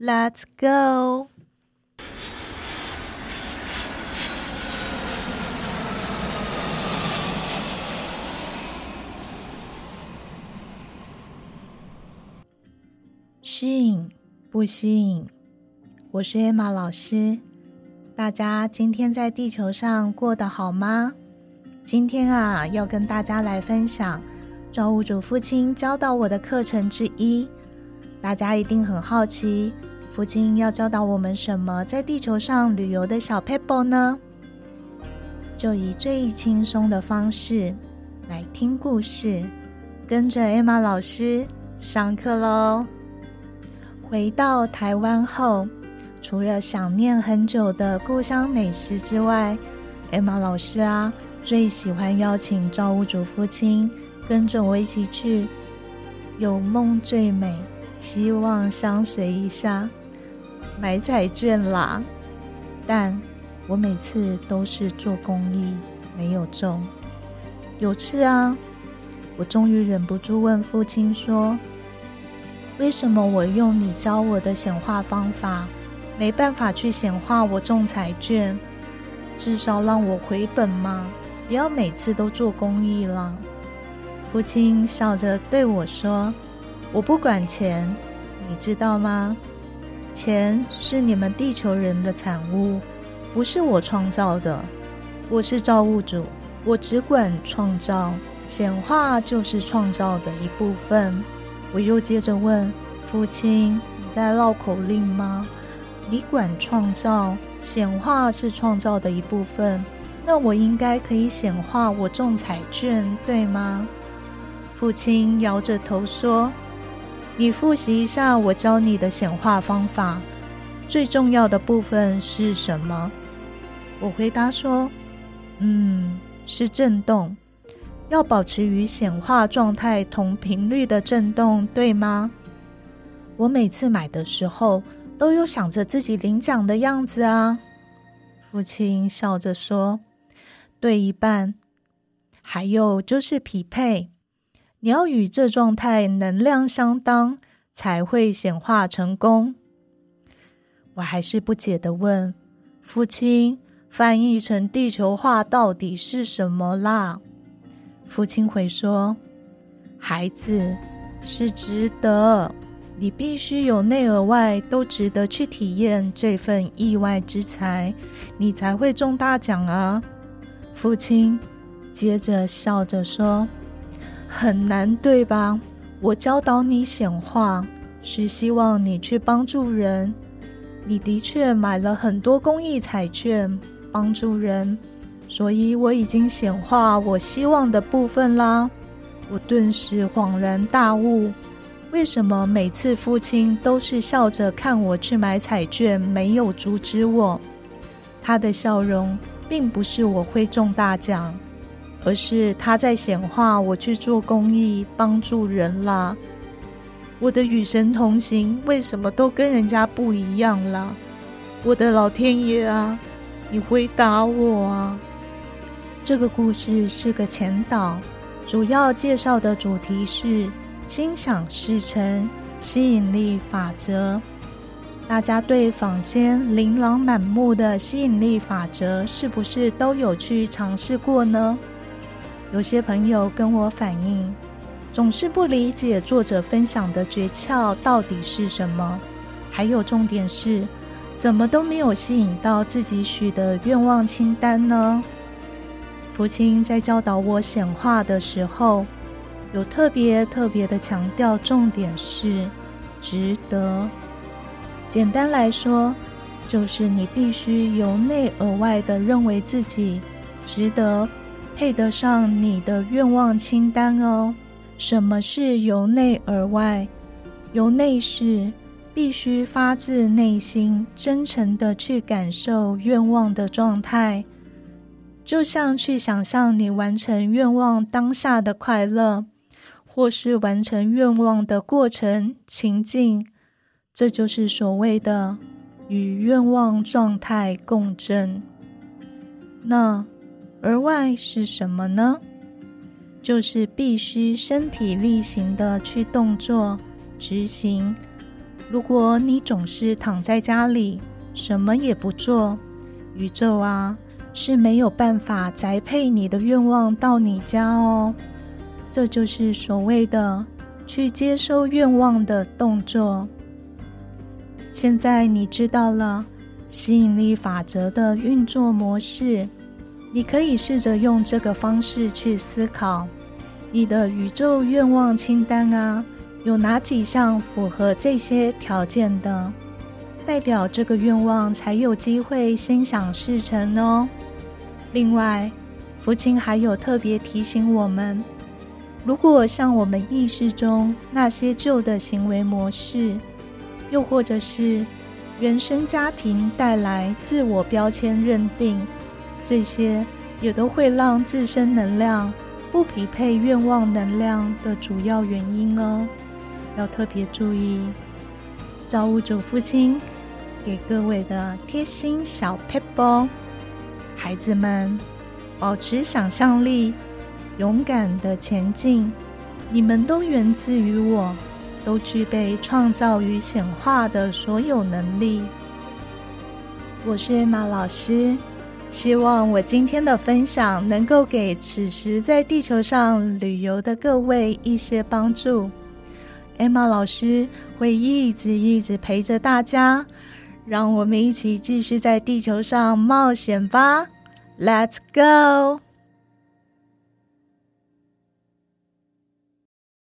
Let's go。吸引，不吸引？我是 Emma 老師，大家今天在地球上過得好嗎？今天啊，要跟大家來分享造物主父親教導我的課程之一。大家一定很好奇，父親要教導我們什麼在地球上旅遊的小撇步呢？就以最輕鬆的方式來聽故事，跟着 Emma 老師上課嘍。回到台灣後，除了想念很久的故鄉美食之外，Emma 老師啊，最喜歡邀請造物主父親，跟着我一起去，有夢最美。希望相隨一下買彩券啦，但我每次都是做公益，沒有中。有次啊，我終於忍不住問父親說：“為什麼我用你教我的顯化方法，沒辦法去顯化我中彩券？至少讓我回本嘛？不要每次都做公益了。”父親笑着對我說。我不管錢，你知道嗎？錢是你們地球人的產物，不是我創造的。我是造物主，我只管創造，顯化就是創造的一部分。我又接着問父親：“你在繞口令嗎？”你管創造，顯化是創造的一部分，那我應該可以顯化我中彩券，對嗎？父親搖着頭說。你複習一下我教你的顯化方法，最重要的部分是什麼？我回答說：“嗯，是震動，要保持與顯化狀態同頻率的震動，對嗎？”我每次買的時候都有想着自己領獎的樣子啊。父親笑着說：“對一半，還有就是匹配。”你要與這狀態能量相當，才會顯化成功。我還是不解的問：“父親，翻譯成地球話到底是什麼啦？”父親回說：“孩子，是值得。你必須有內而外都值得去體驗這份意外之財，你才會中大獎啊！”父親接着笑着說。很難對吧？我教導你顯化，是希望你去幫助人。你的確買了很多公益彩券，幫助人，所以我已經顯化我希望的部分啦。我頓時恍然大悟，為什麼每次父親都是笑着看我去買彩券，沒有阻止我？他的笑容並不是我會中大獎。而是他在顯化我去做公益，幫助人啦。我的與神同行為什麼都跟人家不一樣啦？我的老天爺啊，你回答我啊！這個故事是個前導，主要介紹的主題是心想事成、吸引力法則。大家對坊間琳琅滿目的吸引力法則，是不是都有去嘗試過呢？有些朋友跟我反映，總是不理解作者分享的訣竅到底是什麼。還有重點是，怎麼都沒有吸引到自己許的願望清單呢？父親在教導我顯化的時候，有特別特別的強調，重點是值得。簡單來說，就是你必須由內而外的認為自己值得。配得上你的願望清單哦。什麼是由內而外？由內是必須發自內心、真誠地去感受願望的狀態，就像去想象你完成願望當下的快樂，或是完成願望的過程情境。這就是所謂的與願望狀態共振。那。而外是什麼呢？就是必須身體力行的去動作執行。如果你總是躺在家裡，什麼也不做，宇宙啊是沒有辦法宅配你的願望到你家哦。這就是所謂的去接收願望的動作。現在你知道了吸引力法則的運作模式。你可以試着用這個方式去思考，你的宇宙願望清單啊，有哪幾項符合這些條件的，代表這個願望才有機會心想事成哦。另外，父親還有特別提醒我們，如果像我們意識中那些舊的行為模式，又或者是原生家庭帶來自我標籤認定，這些也都會讓自身能量不匹配願望能量的主要原因哦，要特別注意。造物主父親給各位的貼心小撇步，孩子們，保持想象力，勇敢的前進。你們都源自於我，都具備創造與顯化的所有能力。我是 Emma 老師。希望我今天的分享能夠給此時在地球上旅遊的各位一些幫助。Emma 老師會一直一直陪着大家，讓我們一起繼續在地球上冒險吧！Let's go！